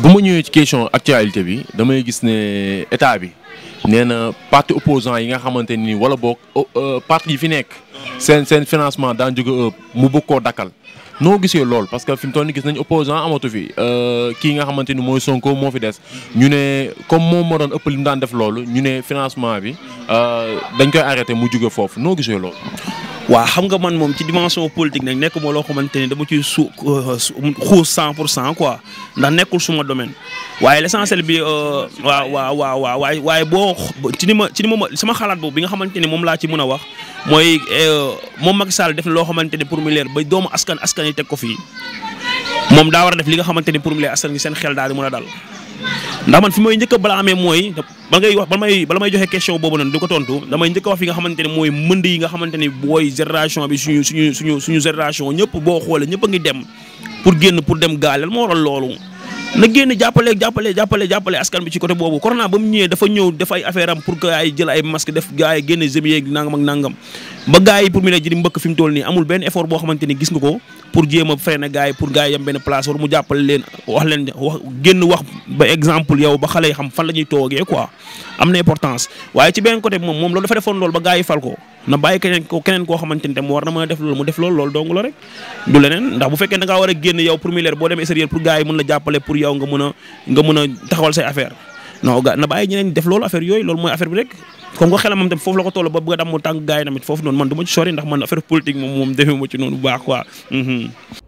bu ma ñëwee ci question actualité bi damay gis ne état bi nee na parti opposant yi nga xamante ni wala boog euh, euh, parti yi fi nekk seen seen financement daan jóge mu bëgg koo dakkal noo gisee lool parce que fi mu toll nii gis nañu opposant amatu fi euh, kii nga xamante ni mooy Sonko moo fi des ñu ne comme moom moo doon ëpp li daan def loolu ñu ne financement bi dañ koy arrêté mu jóge foofu noo gisee lool. waa xam nga man moom ci dimension politique nag nekk moo loo xamante ni dama ciy su euh, xuus cent pour cent quoi ndax nekkul suma domaine waaye l'essentiel bi euh, waaw waaw waaw waaw waaye waaye boo ci ni ma ci ni ma sama xalaat boobu bi nga xamante ni moom laa ci mën a wax mooy euh, moom Macky Sall def na loo xamante ni pour mu leer ba doomu askan askan yi teg ko fii moom daa war a def li nga xamante ni pour mu leer askan gi seen xel daal di mën a dal ndax man fi may njëkk a amee mooy bala ngay wax bala may bala may joxe question boobu noonu di ko tontu damay njëkk a wax fi nga xamante ne mooy mënd yi nga xamante ne booy génération bi suñu suñu suñu suñu génération ñëpp boo xoolee ñëpp a ngi dem pour génn pour dem gaal moo waral loolu na génn jàppale jàppale jàppale jàppale askan bi ci côté boobu corona ba mu ñëwee dafa ñëw def ay affaire am pour que ay jël ay masque def gars yi génn jëmi yeeg nangam ak nangam ba gars yi pour mu ne ji di mbëkk fi mu toll nii amul benn effort boo xamante gis nga ko pour jéem a freiné gars yi pour gars yam benn place war mu jàppale wax leen wax génn yow ba xale yi xam fan la ñuy toogee quoi am na importance waaye ci benn côté moom moom loolu dafa defoon loolu ba gars yi fal ko na bàyyi a def loolu mu def loolu loolu dong la rek du leneen ndax bu fekkee da war a génn yow pour mu leer boo demee extérieur pour gars yi la jàppale pour yow nga mën a nga mën a taxawal say affaire non ga na bàyyi ñeneen def loolu affaire yooyu loolu mooy affaire bi rek comme que xelam moom tamit foofu la ko toll ba bëgg a dam noonu man du ma ci ndax man affaire politique moom moom demee ma ci noonu bu baax quoi mhm.